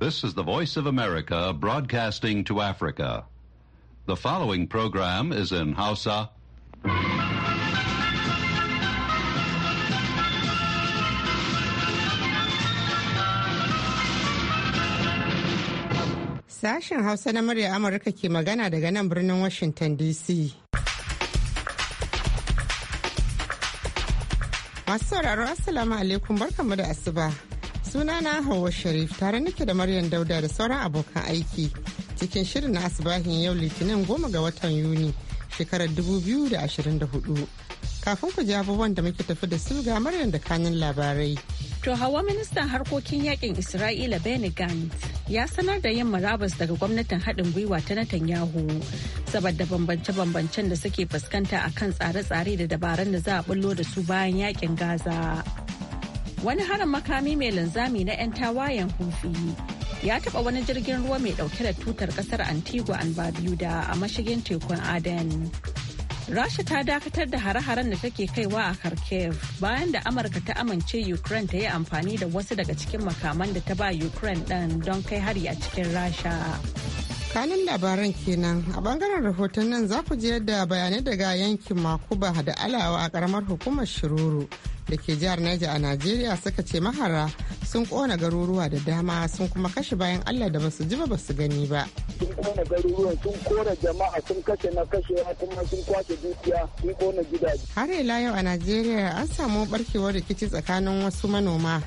This is the Voice of America broadcasting to Africa. The following program is in Hausa. Sashen Hausa na murya Amurka ke magana daga nan birnin Washington DC. Masu sauraro Assalamu alaikum barkamu da asuba. Sunana Hauwa Sharif tare nake da Maryam Dauda da sauran abokan aiki cikin shirin na asibahin yau Litinin goma ga watan Yuni shekarar 2024. Kafin ku ji abubuwan da muke tafi da su ga Maryam da kanin labarai. To hawa ministan harkokin yakin Isra'ila Benny Gantz ya sanar da yin marabas daga gwamnatin haɗin gwiwa ta Netanyahu saboda bambance-bambancen da suke fuskanta a kan tsare-tsare da dabarun da za a bullo da su bayan yakin Gaza. wani harin makami mai linzami na 'yan tawayen hufi ya taba wani jirgin ruwa mai dauke da tutar kasar antigua and barbuda a mashigin tekun aden rasha ta dakatar da hare-haren da take kaiwa a kharkiv bayan da amurka ta amince ukraine ta yi amfani da wasu daga cikin makaman da ta ba ukraine din don kai hari a cikin rasha kanun labaran kenan a bangaren rahoton nan za ku je da bayanai daga yankin makuba da alawa a karamar hukumar shiruru da ke jihar Niger a Najeriya suka ce mahara sun kona garuruwa da dama sun kuma kashe bayan Allah da basu ji ba basu gani ba. Sun kona garuruwa sun kona jama'a sun kashe na kashe kuma sun kwace dukiya sun kona gidaje. Har ila yau a Najeriya an samu barkewar rikici tsakanin wasu manoma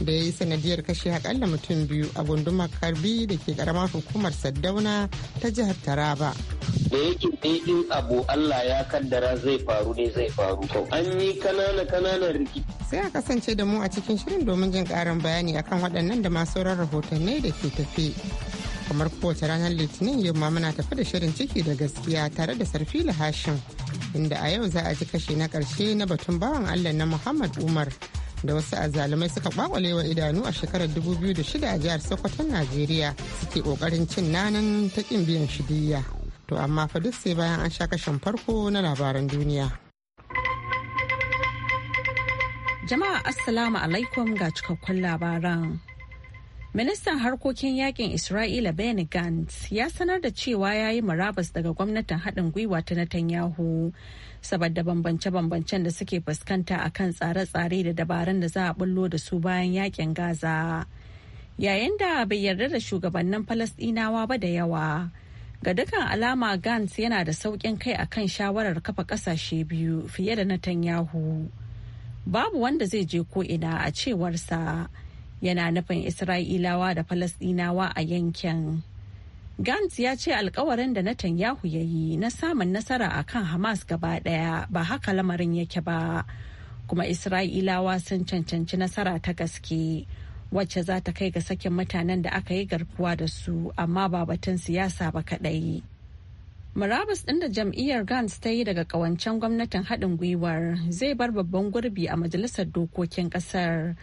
da ya yi sanadiyar kashe akalla mutum biyu a gundumar karbi da ke karamar hukumar saddauna ta jihar taraba da yake daidai abu allah ya kaddara zai faru ne zai faru an yi kanana kananan rikici sai a kasance da mu a cikin shirin domin jin karin bayani akan waɗannan da masu sauran rahotanni da ke tafe kamar kowace ranar litinin yamma muna tafi da shirin ciki da gaskiya tare da sarfila hashim inda a yau za a ji kashe na ƙarshe na batun bawan allah na muhammad umar da wasu azalumai suka kwakwalewa idanu a shekarar 2006 a jihar sokoton najeriya suke kokarin cin nanan ta kin biyan shidiya to amma fa duk sai bayan an sha kashin farko na labaran duniya jama'a assalamu alaikum ga cikakkun labaran Ministan harkokin yakin Isra'ila Benny Gantz ya sanar da cewa ya yi murabas daga gwamnatin haɗin gwiwa ta Netanyahu saboda bambance-bambancen da suke fuskanta a kan tsare-tsare da dabarun da za a bullo da su bayan yakin gaza yayin da bai yarda da shugabannin falasdinawa ba da yawa ga dukkan alama gans yana da saukin kai a kan shawarar kafa ƙasashe biyu fiye da netanyahu babu wanda zai je ko ina a cewarsa yana nufin isra'ilawa da falasdinawa a yankin Gantz ya ce alkawarin da Netanyahu ya yi na samun nasara a kan Hamas gaba ɗaya ba haka lamarin yake ba, kuma Isra'ilawa sun cancanci nasara ta gaske. wacce za ta kai ga sakin mutanen da aka yi garkuwa da su amma ba batun siyasa ba kaɗai. Murabus ɗin da jam'iyyar Gantz ta yi daga ƙawancen gwamnatin haɗin gwiwar zai bar babban gurbi a majalisar dokokin ƙasar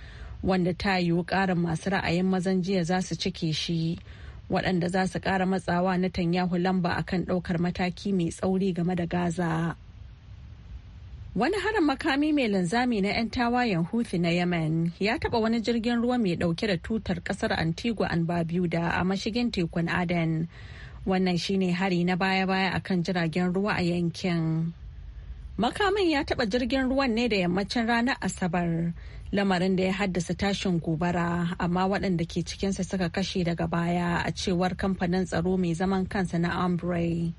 wanda ta yiwu ƙarin masu ra'ayin mazan jiya za su cike shi waɗanda za su ƙara matsawa na tanyahu lamba a kan ɗaukar mataki mai tsauri game da gaza wani harin makami mai linzami na 'yan tawayen huthi na yemen ya taɓa wani jirgin ruwa mai ɗauke da tutar ƙasar antigua and barbuda a mashigin tekun aden wannan shine hari na baya-baya akan jiragen ruwa a yankin Makamin ya taba jirgin ruwan ne da yammacin ranar Asabar, lamarin da ya haddasa tashin gobara, amma waɗanda ke cikinsa suka kashe daga baya a cewar kamfanin tsaro mai zaman kansa na Ambre.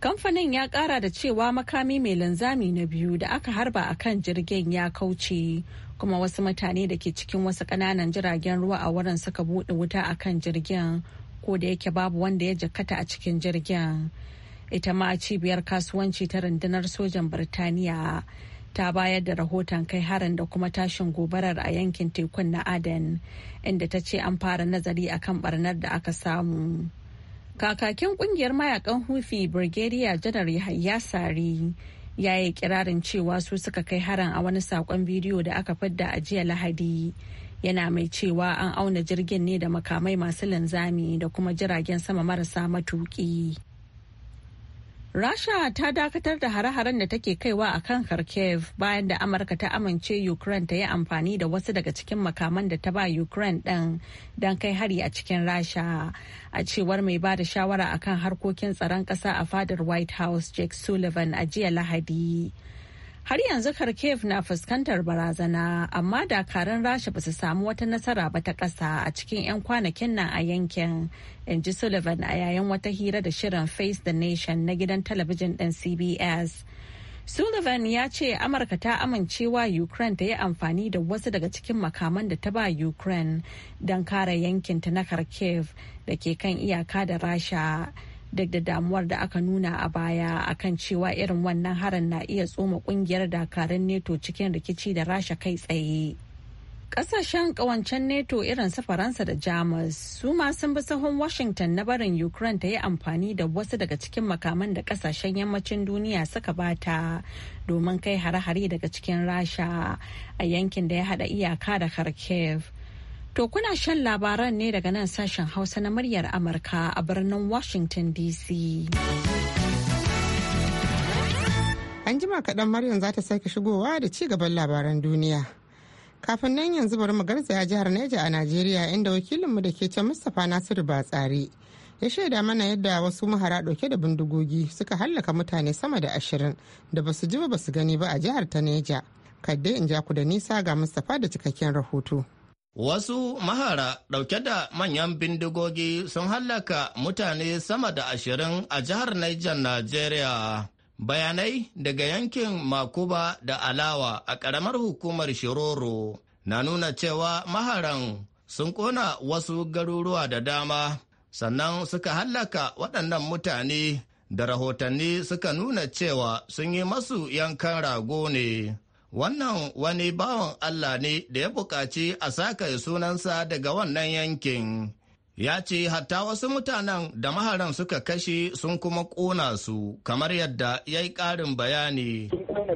Kamfanin ya ƙara da cewa makami mai linzami na biyu da aka harba a kan jirgin ya kauce, kuma wasu mutane da ke cikin wasu ƙananan jiragen ruwa a wurin suka buɗe wuta a kan jirgin, ko da yake babu wanda ya jikkata a cikin jirgin. ita ma cibiyar kasuwanci ta rundunar sojan birtaniya ta bayar da rahoton kai harin da kuma tashin gobarar a yankin tekun na aden inda ta ce an fara nazari akan barnar da aka samu kakakin kungiyar mayakan hufi brigadier janar yahaya sari ya yi kirarin cewa su suka kai harin a wani sakon bidiyo da aka fidda a jiya lahadi yana mai cewa an auna jirgin ne da makamai masu linzami da kuma jiragen sama marasa matuki Rasha ta dakatar da hare-haren da take kaiwa a kan Kharkiv bayan da Amurka ta amince Ukraine ta yi amfani da wasu daga cikin makaman da ta ba Ukraine ɗin don kai hari a cikin Rasha. A cewar mai ba da shawara a kan harkokin tsaron ƙasa a fadar White House Jake Sullivan a jiya Lahadi. har yanzu kharkiv na fuskantar barazana amma dakarun rasha ba su samu wata nasara ba ta ƙasa a cikin 'yan kwanakin nan a yankin in ji sullivan a yayin wata hira da shirin face the nation na gidan talabijin ɗin cbs sullivan ya ce amurka ta amincewa ukraine ta yi amfani da wasu daga cikin makaman da ta ba ukraine don kare yankinta na kharkiv da ke kan iyaka da rasha duk da damuwar da aka nuna a baya akan cewa irin wannan harin na iya tsoma kungiyar dakarun neto cikin rikici da rasha kai tsaye kasashen kawancen neto irin su faransa da jamus su ma sun bi sahun washington na barin ukraine ta yi amfani da wasu daga cikin makaman da kasashen yammacin duniya suka bata domin kai hare-hare daga cikin rasha a yankin da ya hada iyaka da kharkiv To kuna shan labaran ne daga nan sashen Hausa na muryar Amurka a birnin Washington DC. An jima kaɗan Maryam za ta sake shigowa da ci gaban labaran duniya. Kafin nan yanzu bari mu garzaya jihar Neja a Najeriya inda wakilinmu da ke can Mustapha Nasiru Batsari ya shaida mana yadda wasu mahara ɗauke da bindigogi suka hallaka mutane sama da ashirin da basu ji ba basu gani ba a jihar ta Neja. Kadde in ja ku da nisa ga Mustapha da cikakken rahoto. Wasu mahara ɗauke da manyan bindigogi sun hallaka mutane sama da ashirin a jihar Niger, Najeriya. Bayanai daga yankin Makuba da Alawa a ƙaramar hukumar Shiroro na nuna cewa maharan sun ƙona wasu garuruwa da dama, sannan suka hallaka waɗannan mutane da rahotanni suka nuna cewa sun yi masu yankan rago ne. Wannan wani bawan Allah ne da ya buƙaci a saka sunansa daga wannan yankin. Ya ce hatta wasu mutanen da maharan suka kashe sun kuma ƙona su kamar yadda ya yi ƙarin bayani. Sun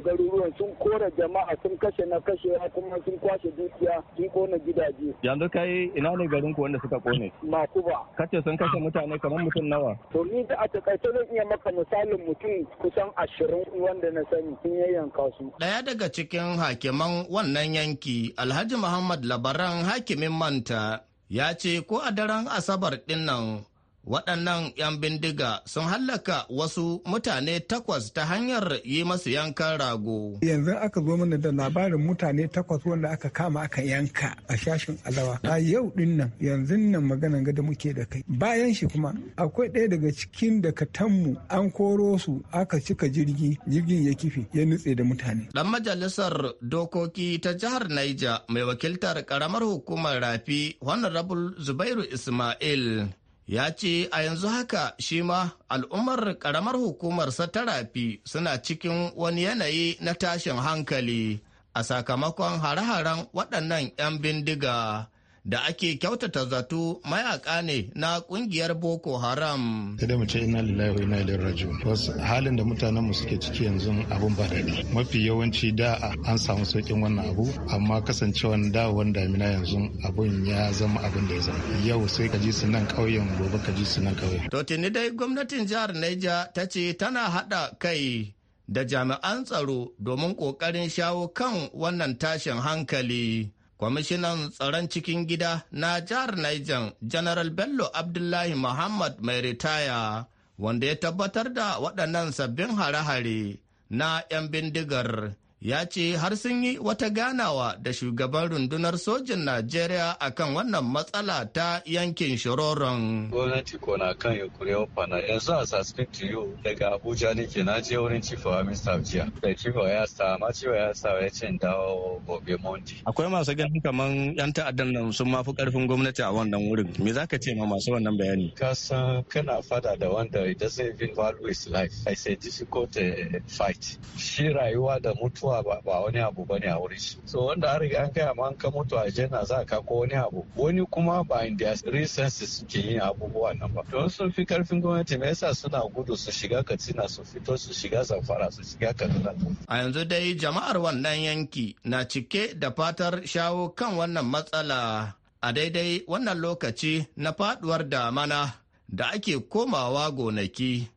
ciwon sun kora jama'a sun kashe na kashewa kuma sun kwashe dukiya sun kona gidaje. Yanzu kai ina ne garin ku wanda suka kone? Makuba. Kace sun kashe mutane kamar mutum nawa? To ni da a takaice zan iya maka misalin mutum kusan ashirin wanda na sani sun yayyanka su. Daya daga cikin hakiman wannan yanki Alhaji Muhammad Labaran hakimin Manta ya ce ko a daren Asabar ɗinnan waɗannan 'yan bindiga sun hallaka wasu mutane takwas ta hanyar yi masu yanka rago. Yanzu aka zo mana da labarin mutane takwas wanda aka kama aka yanka a shashin alawa. A yau din nan yanzu nan magana ga da muke da kai. Bayan shi kuma akwai ɗaya daga cikin dakatanmu an koro su aka cika jirgi jirgin ya kife ya nutse da mutane. Dan majalisar dokoki ta jihar niger mai wakiltar karamar hukumar Rafi Honorable Zubairu Ismail ya ce a yanzu haka shi ma al'ummar karamar hukumar satarafi suna cikin wani yanayi na tashin hankali a sakamakon hare-haren waɗannan 'yan bindiga da ake kyautata zato mayaka ne na kungiyar boko haram kada mu ce ina lillahi wa ina ilaihi raji'un wasu halin da mutanen mu suke ciki yanzu abun ba daɗi mafi yawanci da an samu saukin wannan abu amma kasancewan wanda damina yanzu abun ya zama abun da ya zama yau sai ka ji su nan ƙauyen gobe ka ji su nan ƙauyen to tuni dai gwamnatin jihar Niger ta ce tana haɗa kai da jami'an tsaro domin ƙoƙarin shawo kan wannan tashin hankali kwamishinan tsaron cikin gida na jihar Niger General Bello Abdullahi Muhammad mai ritaya wanda ya tabbatar da waɗannan sabbin hare-hare na 'yan bindigar ya ce har sun yi wata ganawa da shugaban rundunar sojin Najeriya akan wannan matsala ta yankin Shororon. Gwamnati ko na kan yunkurin na yanzu a sasfin tiyo daga Abuja nake na je wurin cifawa Mista Jiya. Da cifawa ya sa ma cifawa ya sa ya ce dawo gobe monti Akwai masu ganin kaman yan ta'addan nan sun fi karfin gwamnati a wannan wurin. Me za ka ce ma masu wannan bayani? Ka san kana fada da wanda it doesn't even value his life. I say difficult uh, fight. Shi rayuwa da mutuwa mutuwa ba wani abu bane a wurin shi so wanda an riga an kai ma an ka mutu a jana za ka ko wani abu wani kuma ba in da resources suke yin abubuwa nan ba don sun fi karfin gwamnati me yasa suna gudu su shiga katsina su fito su shiga zamfara su shiga kaduna a yanzu dai jama'ar wannan yanki na cike da fatar shawo kan wannan matsala a daidai wannan lokaci na faduwar damana da ake komawa gonaki.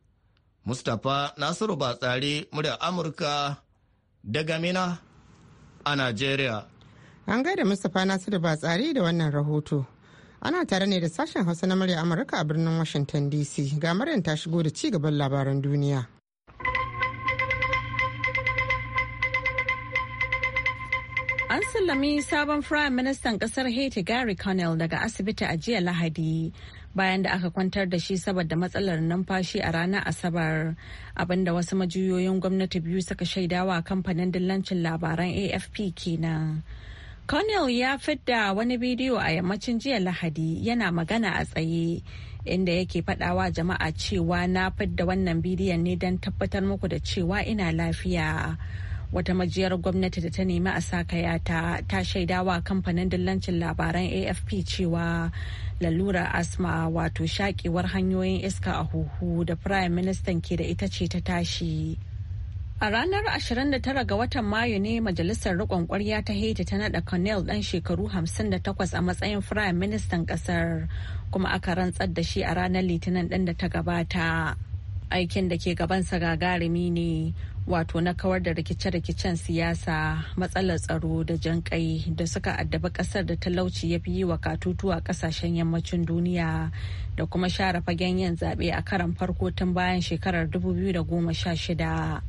Mustapha Nasiru Batsari, murya Amurka daga Mina a Najeriya. An gaida Mustapha Nasiru ba tsari da wannan rahoto. Ana tare ne da sashen Hausa na murya Amurka a birnin Washington DC ga Maryam ta shigo da ci gaban labaran duniya. An sallami sabon Firayim Ministan kasar Haiti Gary Connell daga asibiti a jiya Lahadi bayan da aka kwantar da shi saboda matsalar numfashi a ranar asabar abinda wasu majiyoyin gwamnati biyu suka shaidawa kamfanin dillancin labaran afp kenan Cornell ya fidda wani bidiyo a yammacin jiya Lahadi yana magana a tsaye inda yake fadawa jama'a cewa na fidda wannan bidiyon ne don tabbatar muku da cewa ina lafiya. wata majiyar gwamnati da ta nemi a sakayata ta ta shaidawa kamfanin dillancin labaran afp cewa lalura asma wato shakewar hanyoyin iska a huhu da prime ministan ke da ita ce ta tashi A ranar 29 ga watan Mayu ne Majalisar Rikon Kwarya ta Haiti ta nada Cornell dan shekaru 58 a matsayin Prime Ministan kasar kuma aka rantsar da shi a ranar Litinin ɗin da ta gabata. Aikin da ke gabansa gagarumi ne wato na kawar da rikice-rikicen siyasa matsalar tsaro da jan kai da suka addaba kasar da talauci ya fi yi wa katutuwa kasashen yammacin duniya da kuma share fagen yin zaɓe a karan farko tun bayan shekarar 2016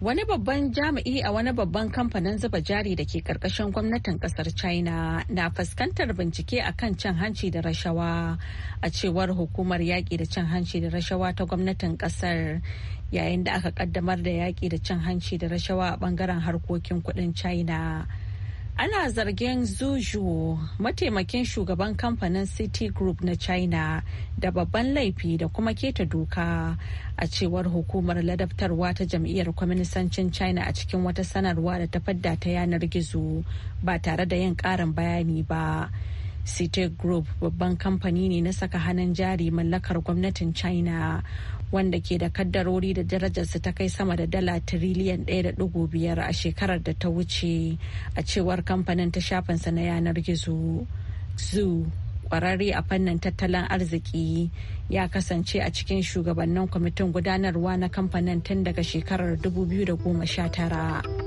wani babban jami'i a wani babban kamfanin zuba jari da ke karkashin gwamnatin kasar china na fuskantar bincike a kan cin hanci da rashawa a cewar hukumar yaƙi da cin hanci da rashawa ta gwamnatin kasar yayin da aka kaddamar da yaƙi da cin hanci da rashawa a bangaren harkokin kudin china ana zargin zuju mataimakin shugaban kamfanin citigroup na china da babban laifi da kuma keta doka a cewar hukumar ladabtarwa ta jam'iyyar kwaminisancin china a cikin wata sanarwa da ta fadda ta yanar gizo ba tare da yin karin bayani ba Citigroup babban kamfani ne na saka hannun jari mallakar gwamnatin China wanda ke da kaddarori da darajarsu ta kai sama da dala tiriliyan 1.5 a shekarar da ta wuce a cewar kamfanin ta shafin sa na yanar gizo zoo kwararre a fannin tattalin arziki ya kasance a cikin shugabannin kwamitin gudanarwa na kamfanin tun daga shekarar 2019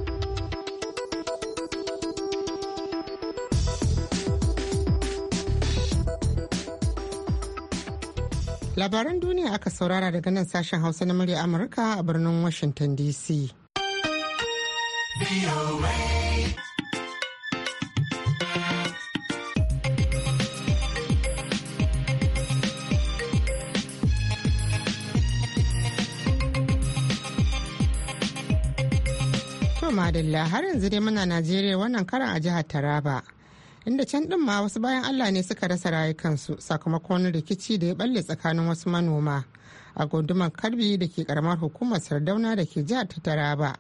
labaran duniya aka saurara daga nan sashen hausa na murya amurka a birnin washington dc madalla har yanzu dai muna najeriya wannan karan a jihar taraba inda can ɗin ma wasu bayan allah ne suka rasa rayukansu sakamakon rikici da ya balle tsakanin wasu manoma a gundumar karbi da ke karamar hukumar sardauna da ke jihar ta taraba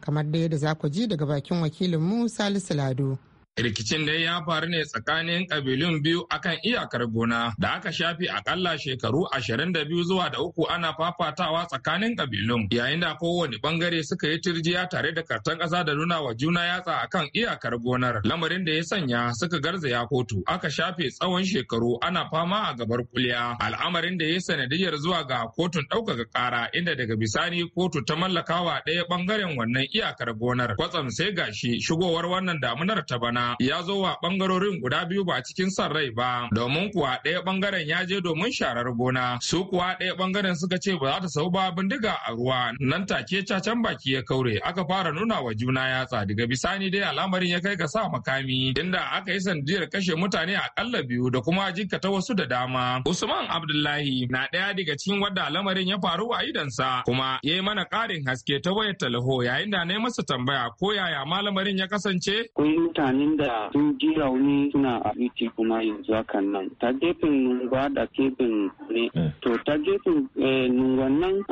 kamar da yadda za ku ji daga bakin wakilinmu salisu lado Rikicin dai ya faru ne tsakanin kabilun biyu akan iyakar gona da aka shafi akalla shekaru ashirin da biyu zuwa da uku ana fafatawa tsakanin kabilun yayin da kowane bangare suka yi turjiya tare da kartan ƙasa da nuna wa juna yatsa akan iyakar gonar lamarin da ya sanya suka garzaya kotu aka shafe tsawon shekaru ana fama a gabar kuliya al'amarin da ya sanadiyar zuwa ga kotun ɗaukaka ƙara inda daga bisani kotu ta mallakawa ɗaya bangaren wannan iyakar gonar kwatsam sai gashi shigowar wannan damunar ta bana ya zo wa bangarorin guda biyu ba cikin san rai ba domin kuwa ɗaya bangaren ya je domin sharar gona su kuwa ɗaya bangaren suka ce ba za ta sau ba bindiga a ruwa nan take cacan baki ya kaure aka fara nuna wa juna yatsa daga bisani dai al'amarin ya kai ga sa makami inda aka yi sandiyar kashe mutane akalla biyu da kuma ta wasu da dama usman abdullahi na ɗaya daga cikin wadda lamarin ya faru a idansa kuma ya yi mana ƙarin haske ta wayar talaho yayin da na yi masa tambaya ko yaya malamarin ya kasance. mutanen wanda sun ji rauni suna a asibiti kuma yanzu hakan nan ta gefen nungwa da kebin ne eh. to ta gefen eh, nungwan nan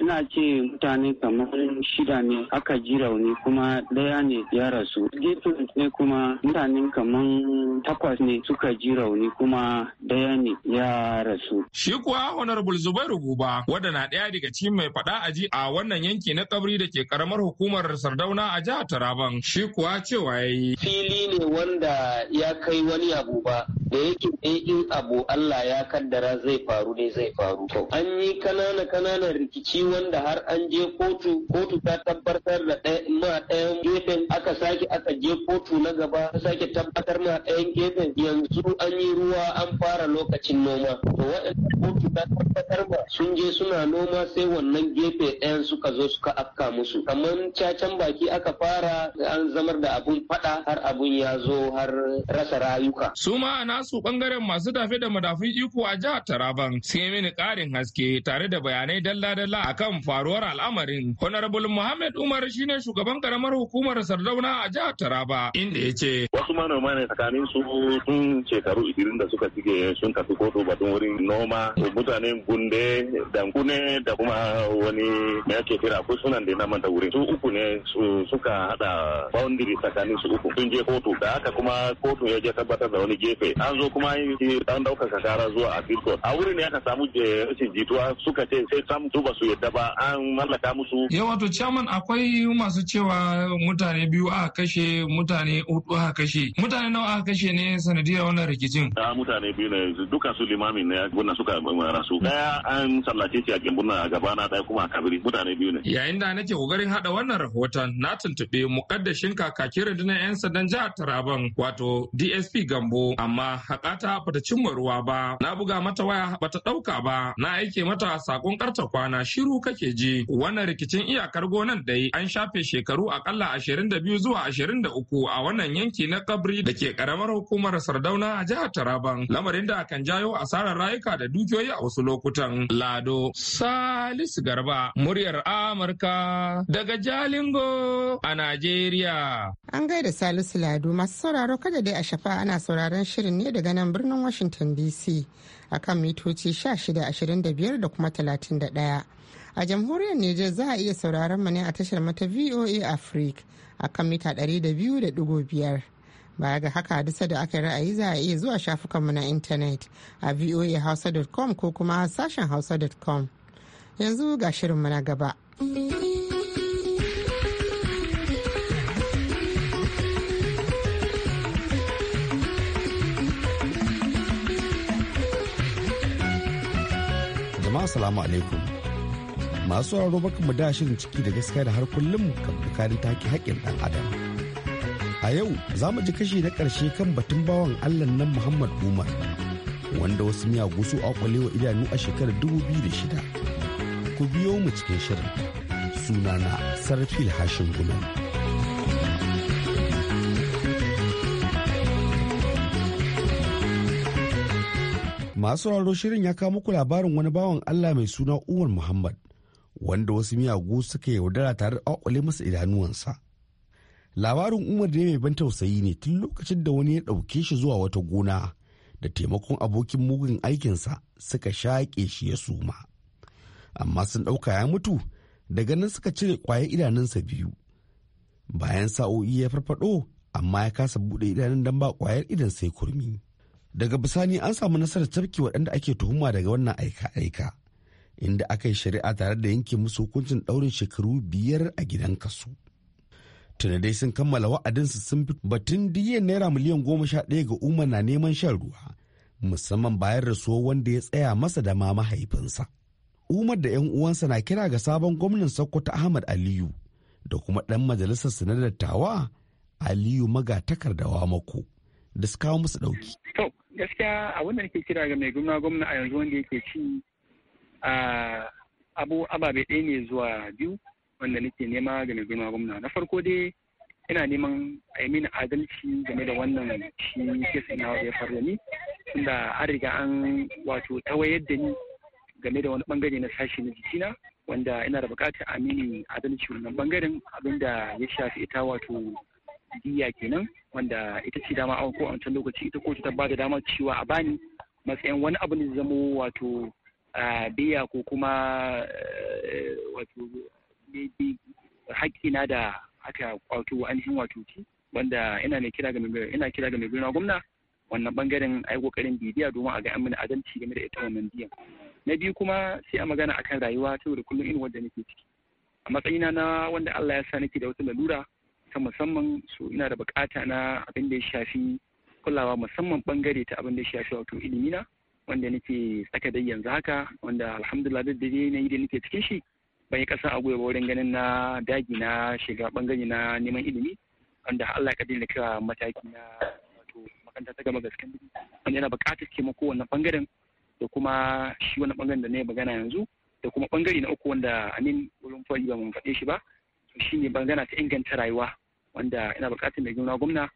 ina ce mutane kamar shida ne aka ji rauni kuma daya ne ya rasu gefen ne kuma mutane kamar takwas ne suka ji rauni kuma daya ne ya rasu shi kuwa honorable zubairu guba wadda na daya daga cikin mai faɗa ji a wannan yanki na kabri da ke karamar hukumar sardauna a jihar taraban shi kuwa cewa ya yi fili ƙarfi ne wanda ya kai wani abu ba da yake in abu Allah ya kaddara zai faru ne zai faru. An yi kanana kananan rikici wanda har an je kotu kotu ta tabbatar da ma ɗayan gefen aka sake aka je kotu na gaba ta sake tabbatar ma ɗayan gefen yanzu an yi ruwa an fara lokacin noma. To waɗanda kotu ta tabbatar ba sun je suna noma sai wannan gefe ɗayan suka zo suka afka musu. Kamar cacan baki aka fara an zamar da abun faɗa har abu. abin ya zo har rasa rayuka. Su ma a nasu bangaren masu dafe da madafun iko a jihar Taraban sai mini karin haske tare da bayanai dalla-dalla akan faruwar al'amarin. Honorable Muhammad Umar shine shugaban karamar hukumar Sardauna a jihar Taraba inda ya ce. Wasu manoma ne tsakanin su sun shekaru idirin da suka cike sun tafi kotu batun wurin noma mutane, gunde dankune da kuma wani me ake kira ko sunan da na manta wurin su uku ne suka hada boundary tsakanin su uku sun je ko kotu da haka kuma kotu ya je tabbatar da wani gefe an zo kuma an daukar kara zuwa appeal court a wurin ne aka samu eh, rashin jituwa suka ce sai sam su ba su yadda ba an mallaka musu ya wato chairman akwai masu cewa mutane biyu aka kashe mutane hudu aka kashe mutane nawa aka kashe ne sanadiyar wannan rikicin a ah, mutane biyu ne duka su limamin ne gona suka rasu daya an sallace shi a gimbuna a na daya kuma a kabiri mutane biyu ne yayin da nake kokarin hada wannan rahoton na tuntube mukaddashin kakakin rundunar yan sandan jihar A Taraban wato DSP Gambo amma ta bata cimma ruwa ba na buga mata waya bata ɗauka ba na aike mata sakon karta kwana shiru kake ji wannan rikicin iyakar gonan dai an shafe shekaru akalla 22 zuwa 23 a wannan yanki na kabri da ke karamar hukumar Sardauna a jihar Taraban lamarin da kan jayo asarar rayuka da dukiyoyi a wasu lokutan Lado Salisu Garba muryar Amurka daga Jalingo a Najeriya an gaida Salisu ado masu sauraro kada dai a shafa ana sauraron shirin ne daga nan birnin washington dc a kan mitoci 1625 da kuma 31 a jamhuriyar niger za a iya sauraron mu ne a tashar mata voa africa kan mita 200.5 baya ga haka dusa da aka ra'ayi za a iya zuwa shafukanmu na intanet a voahausa.com ko kuma sashen hausa.com yanzu ga shirinmu na gaba. assalamu alaikum masu sauraro baka mu da shirin ciki da gaskiya da har kullum kan ta take haƙƙin ɗan adam a yau za mu ji kashi na ƙarshe kan batun bawan allah nan muhammad umar wanda wasu miyagu su akwale wa idanu a shekarar dubu biyu da shida ku biyo mu cikin shirin sunana sarfil hashin gunan. masu raro shirin ya kawo muku labarin wani bawan Allah mai suna Umar Muhammad wanda wasu miyagu suka yaudara tare da kwakwale masa idanuwansa. Labarin Umar da mai ban tausayi ne tun lokacin da wani ya ɗauke shi zuwa wata gona da taimakon abokin mugun aikinsa suka shaƙe shi ya suma. Amma sun ɗauka ya mutu daga nan suka cire ƙwaye idanunsa biyu. Bayan sa'o'i ya farfaɗo amma ya kasa buɗe idanun don ba ƙwayar idan sai kurmi. daga bisani an samu nasarar tafki waɗanda ake tuhuma daga wannan aika-aika inda aka yi shari'a tare da yanke musu hukuncin ɗaurin shekaru biyar a gidan kasu tuna dai sun kammala wa'adinsu sun fi batun diyyar naira miliyan goma sha ɗaya ga umar na neman shan ruwa musamman bayan rasuwar wanda ya tsaya masa da ma mahaifinsa umar da yan uwansa na kira ga sabon gwamnan sokoto ahmad aliyu da kuma ɗan majalisar na dattawa aliyu magatakardawa mako da su kawo musu ɗauki gaskiya abin da nake kira ga mai gwamna gwamna a yanzu wanda yake ci a abu ababe ɗaya ne zuwa biyu wanda nake nema ga mai gwamna gwamna na farko dai ina neman a yi mini adalci game da wannan shi kesin na ya faru ni tunda an riga an wato tawayar da ni game da wani bangare na sashi na jikina wanda ina da bukatar a mini adalci wannan bangaren abinda ya shafi ita wato diya kenan wanda ita ce dama a wancan lokaci ita kotu ta bada da damar cewa a bani matsayin wani abu ne zamo wato ah, biya ko kuma eh, wato haƙƙina da aka kwato ainihin wato ci wanda ina kira ga mai ina kira ga mai gwamna wannan bangaren ai kokarin bibiya domin a ga an mini adalci game da ita wannan biyan na biyu kuma sai a magana akan rayuwa ta da kullum in wanda nake ciki a matsayina na wanda Allah ya sa nake da wata lalura ta musamman su ina da bukata na abin da ya shafi kulawa musamman bangare ta abin da ya shafi wato ilimi na wanda nake tsaka dai yanzu haka wanda alhamdulillah duk da yanayi da nake cikin shi ban yi kasa a gwiwa wurin ganin na dagi na shiga bangare na neman ilimi wanda Allah ya kaddara kira mataki na wato makaranta ta gama gaskan dubi wanda yana bukatar taimako wannan bangaren da kuma shi wannan bangaren da na yi magana yanzu da kuma bangare na uku wanda amin wurin fari ba mun faɗe shi ba shi ne bangana ta inganta rayuwa wanda ina bukatar mai girma gwamna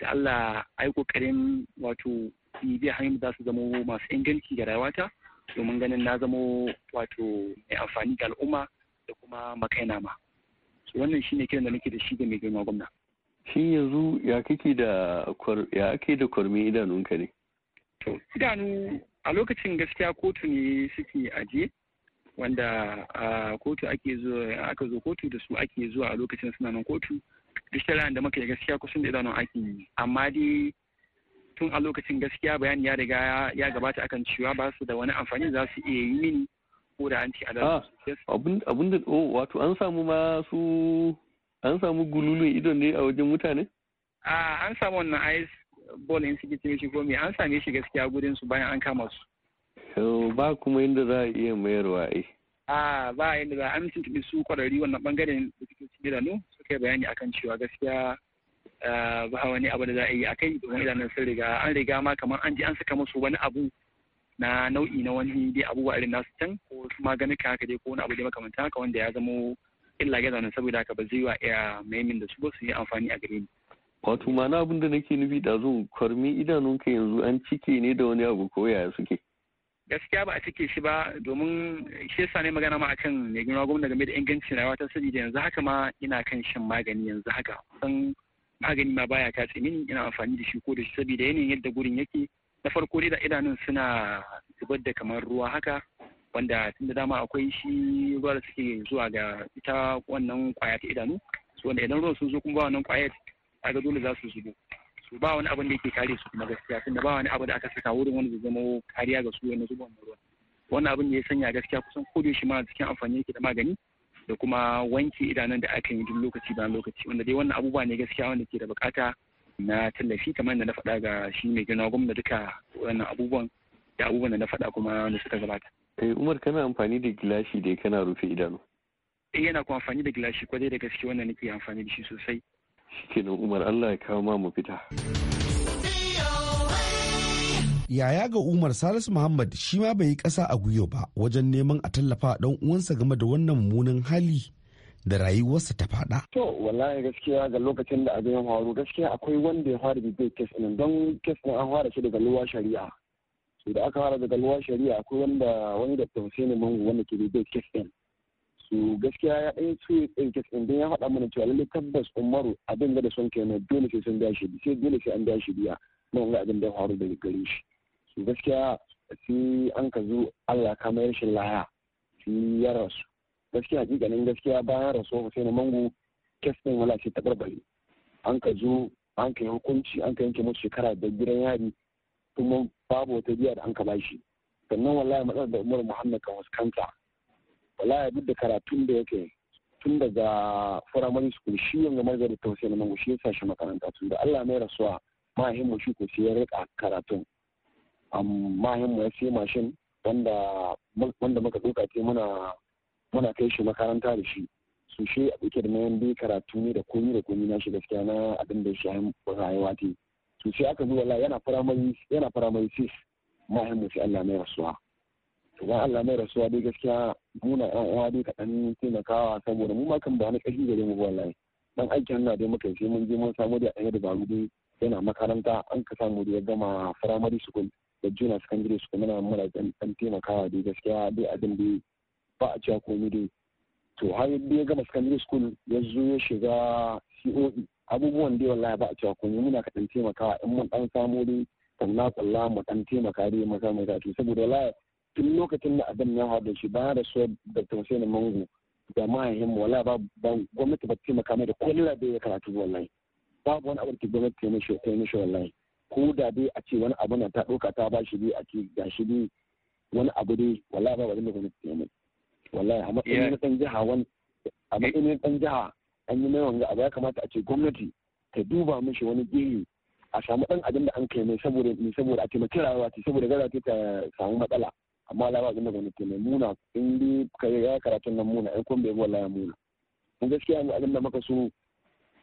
da Allah ai kokarin wato bibiya hanyar za su zamo masu inganci ga rayuwata domin ganin na zama wato mai amfani ga al'umma da kuma makaina ma so wannan shine kiran da nake da shi ga mai girma gwamna shi yanzu ya kike da ya ake da idanunka ne to idanu a lokacin gaskiya kotu ne suke ajiye wanda a ah, kotu ake zuwa aka zo kotu da su ake zuwa a lokacin suna nan kotu duk shari'an da muka yi gaskiya kusan da idanun ake yi amma dai tun a lokacin gaskiya bayani ya riga ya gabata akan cewa ba su da wani amfani za su iya yi mini ko da an ci adalci. abin da oh, wato an samu ma su an samu gululun idon ne a wajen mutane? a ah, an samu wannan ice ball in suke cire shi ko me an same shi gaskiya gudun su bayan an kama su. ba kuma inda za a iya mayarwa ai. a ba a yadda za an tuntuɓi su kwararri wannan bangaren da suke cikin idanu suka yi bayani akan cewa gaskiya ba wani abu da za a yi a kai domin idanun sun riga an riga ma kamar an ji an saka musu wani abu na nau'i na wani dai abubuwa irin nasu can ko su maganin haka dai ko wani abu dai makamanta haka wanda ya zamo illa ga zanen saboda haka ba zai wa iya maimin da su ba su yi amfani a gare ni. Wato ma na abin da nake nufi da zo kwarmi idanunka yanzu an cike ne da wani abu ko yaya suke. gaskiya ba a cike shi ba domin shi yasa ne magana ma akan mai gina gwamna game da ingancin rayuwa ta sabida yanzu haka ma ina kan shan magani yanzu haka san magani ma baya tatse mini ina amfani da shi ko da shi saboda yanayin yadda gurin yake na farko dai da idanun suna zubar da kamar ruwa haka wanda tun da dama akwai shi ruwa da suke zuwa ga ita wannan kwaya ta idanu wanda idan ruwan sun zo kuma ba wannan kwayar ga dole za su zubo ba wani abin da yake kare su kuma gaskiya tunda ba wani abu da aka saka wurin wani zai zama kariya ga su wani zuban ruwan wannan abin da ya sanya gaskiya kusan ko shi ma cikin amfani yake da magani da kuma wanke idanun da aka yi duk lokaci bayan lokaci wanda dai wannan abubuwa ne gaskiya wanda ke da bukata na tallafi kamar da na faɗa ga shi mai gina gwamna duka wannan abubuwan da abubuwan da na faɗa kuma wanda suka gabata. Eh, Umar kana amfani da gilashi da kana rufe idanu. Eh yana kuma amfani da gilashi kwarai da gaske wannan nake amfani da shi sosai shikenan umar allah ya kawo mu fita. yaya ga umar salisu muhammad shi ma bai yi kasa a gwiwa ba wajen neman a tallafa ɗan uwansa game da wannan munin hali da rayuwarsa ta fada. To wallahi gaskiya ga lokacin da abin ya faru gaskiya akwai wanda ya fara bibiyar kes ɗin don kes ɗin an fara shi daga luwa shari'a. da aka fara daga luwa shari'a akwai wanda wani da ne Mangu wanda ke bibiyar kes ɗin. to gaskiya ya ɗaya su ɗin don ya faɗa mana cewa lallai tabbas umaru abin da son kai dole sai sun dashi sai dole sai an dashi biya na wanga abin da ya faru daga gare shi su gaskiya sai an ka zo allah ka mayar shi laya sai ya rasu gaskiya hakikanin gaskiya bayan rasu sai na mango kes ɗin wala sai taɓarɓare an ka zo an ka yi hukunci an ka yanke musu shekara da gidan yari kuma babu wata biya da an ka bashi sannan wallahi matsalar da Umaru muhammad kan wasu kanta wallahi duk da karatun da yake tun daga firamare school shi yin gamar da tausayi na mangu shi ya sa makaranta tun da Allah mai rasuwa mahimmu shi ko sai ya rika karatun mahimmu ya sai mashin wanda muka doka ce muna kai shi makaranta da shi su shi a ɗauke da mayan bai karatu ne da komi da komi na shi gaskiya na abin da shi rayuwa yi su shi aka zuwa yana firamare yana firamare sis mahimmu shi Allah mai rasuwa idan Allah mai rasuwa dai gaskiya muna yan uwa dai kaɗan taimakawa saboda mu ma kan ba na ƙarfi gare mu wallahi dan aikin Allah dai muka sai mun je mun samu da ɗaya dabaru dai yana makaranta an ka samu da ya gama firamare school da junior secondary school muna muna ɗan taimakawa dai gaskiya dai abin dai ba a cewa komai dai to har yadda ya gama secondary school ya zo ya shiga COE abubuwan dai wallahi ba a cewa komai muna kaɗan taimakawa in mun ɗan samu dai kwalla-kwalla mu ɗan taimaka dai mu samu da saboda wallahi tun lokacin da abin ya haɗe shi bayan da suwa da tausayin mango da ma'ayin wala ba gwamnati ba ce makamai da kullum da ya karatu wallahi babu wani abin da gwamnati ta mishi ta mishi wallahi ko da dai a ce wani abu na ta ɗauka ta ba shi dai a ce ga shi dai wani abu dai wallahi ba wani gwamnati ta mai wallahi a matsayin na ɗan jiha wani a matsayin na ɗan jiha an yi mai wanga abu ya kamata a ce gwamnati ta duba mishi wani gehe a samu ɗan abin da an kai mai saboda a taimaki rayuwa ce saboda gara ta samu matsala amma alama abin da gwamnati ne muna in dai ka ya karatun nan muna ai kun bai wallahi muna mun gaskiya ne abin da muka so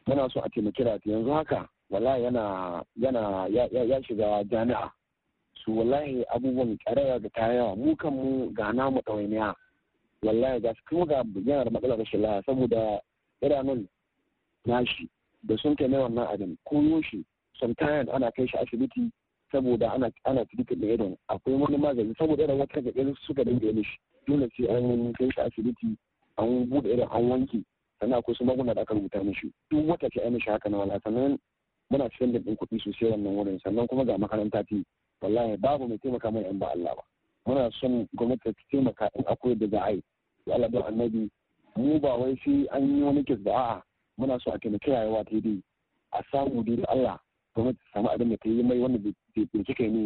muna so a taimaki rafi yanzu haka wallahi yana yana ya shiga jami'a su wallahi abubuwan karaya ga ta yawa mu kan mu ga namu ɗawainiya wallahi ga su kuma ga yana da matsalar rashin laya saboda idanun nashi da sun kai wannan abin ko yoshi sometimes ana kai shi asibiti saboda ana ana cikin da irin akwai wani magani saboda irin wata ga irin suka dinga shi dole sai an kai shi asibiti an bude irin an wanke sannan akwai su magunguna da aka rubuta mishi duk wata ce an haka na wala sannan muna cikin da kuɗi sosai wannan wurin sannan kuma ga makaranta ce wallahi babu mai taimaka mai yan ba Allah ba muna son gwamnati ta taimaka in akwai da za a yi Allah don annabi mu ba wai sai an yi wani kis da a'a muna so a taimaki rayuwa ta dai a samu dai Allah kuma ta samu abin da ta yi mai wanda bincike ne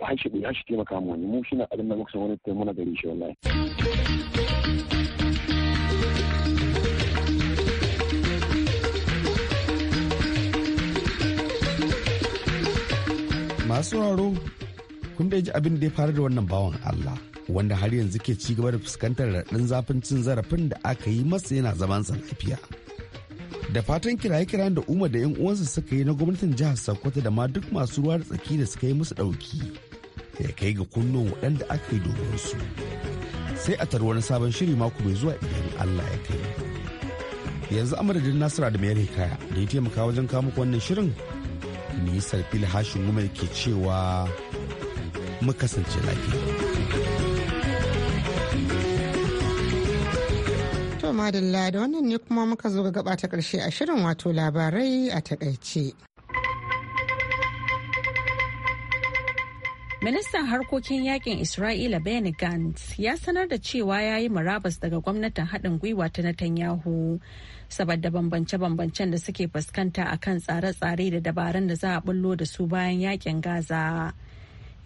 ba shi ya shi taimaka mu wani mu shi na abin da muka san wani taimuna gari shi wallahi. masu raro kun da ji abin da ya faru da wannan bawan Allah wanda har yanzu ke ci gaba da fuskantar raɗin zafin cin zarafin da aka yi masa yana zaman lafiya. da fatan kiraye-kirayen da umar da 'yan uwansa suka yi na gwamnatin jihar sokoto da ma duk masu ruwa da tsaki da suka yi musu ɗauki ya kai ga kunnuwan waɗanda aka yi domin su sai a tarwa na sabon shiri mako mai zuwa idan allah ya kai yanzu amadadin nasara da mayar hikaya da ya taimaka wajen kawo muku wannan shirin nisar fil hashin umar ke cewa mu kasance lafiya madalla da wannan ne kuma muka zo ga gaba ta karshe a shirin wato labarai a takaice. Ministan harkokin yakin Isra'ila Benny Gantz ya sanar da cewa ya yi murabas daga gwamnatin haɗin gwiwa ta Netanyahu saboda bambance-bambancen da suke fuskanta a kan tsare-tsare da dabarun da za a bullo da su bayan yakin Gaza.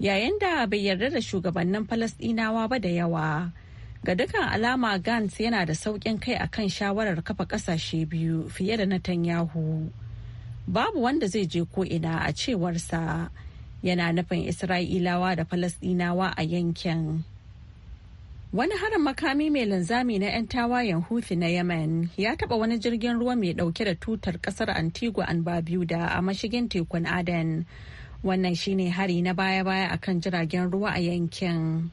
Yayin da bai yarda da shugabannin Falasɗinawa ba da yawa. Ga dukkan alama Gantz yana da sauƙin kai akan shawarar kafa ƙasashe biyu fiye da na Netanyahu. Babu wanda zai je ko ina a cewarsa yana nufin Isra'ilawa da Falasɗinawa a yankin. Wani harin makami mai linzami na 'yan tawayen huthi na Yemen ya taba wani jirgin ruwa mai dauke da tutar kasar Antigua and Barbuda a mashigin tekun Aden. Wannan shine hari na baya-baya akan jiragen ruwa a yankin.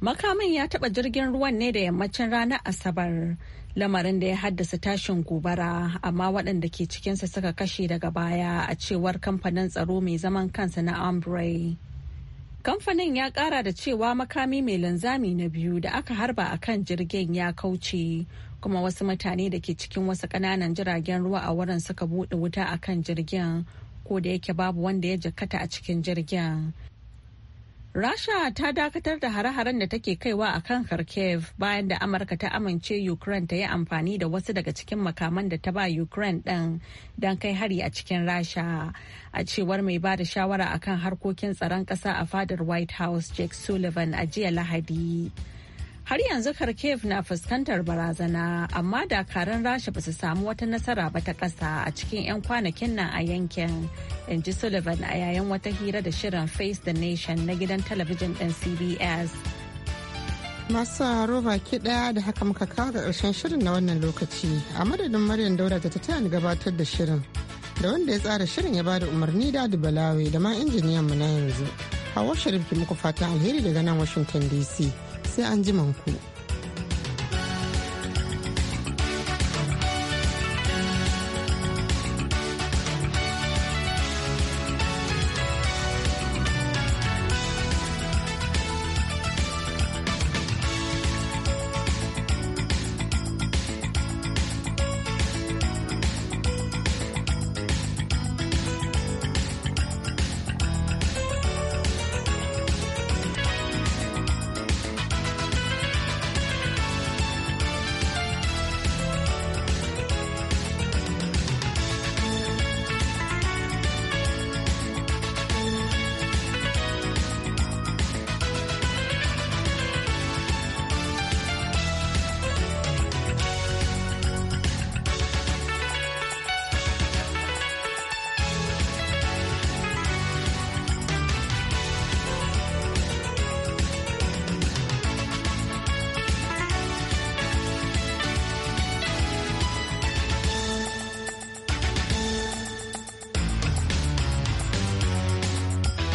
Makamin ya taɓa jirgin ruwan ne da yammacin ranar Asabar, lamarin da ya haddasa tashin gobara, amma waɗanda ke cikinsa suka kashe daga baya a cewar kamfanin tsaro mai zaman kansa na Ambre. Kamfanin ya ƙara da cewa makami mai linzami na biyu da aka harba a kan jirgin ya kauce, kuma wasu mutane da ke cikin wasu ƙananan jiragen ruwa a wurin suka buɗe wuta a kan jirgin, ko da yake babu wanda ya jikkata a cikin jirgin. Rasha ta dakatar da hare-haren da take kaiwa a kan Kharkiv bayan da Amurka ta amince Ukraine ta yi amfani da wasu daga cikin makaman da ta ba Ukraine ɗin don kai hari a cikin Rasha. A cewar mai ba da shawara a kan harkokin tsaron ƙasa a fadar White House Jake Sullivan a jiya Lahadi. har yanzu kharkiv na fuskantar barazana amma dakaran rasha ba su samu wata nasara ba ta kasa a cikin 'yan kwanakin nan a yankin in ji sullivan a yayin wata hira da shirin face the nation na gidan talabijin ɗin cbs masu roba kiɗa da haka muka kawo ga ƙarshen shirin na wannan lokaci a madadin maryam daura da ta tayar gabatar da shirin da wanda ya tsara shirin ya bada umarni da da balawe da ma injiniyan mu na yanzu hawa sharif ki muku fatan alheri daga nan washington dc sai an ku.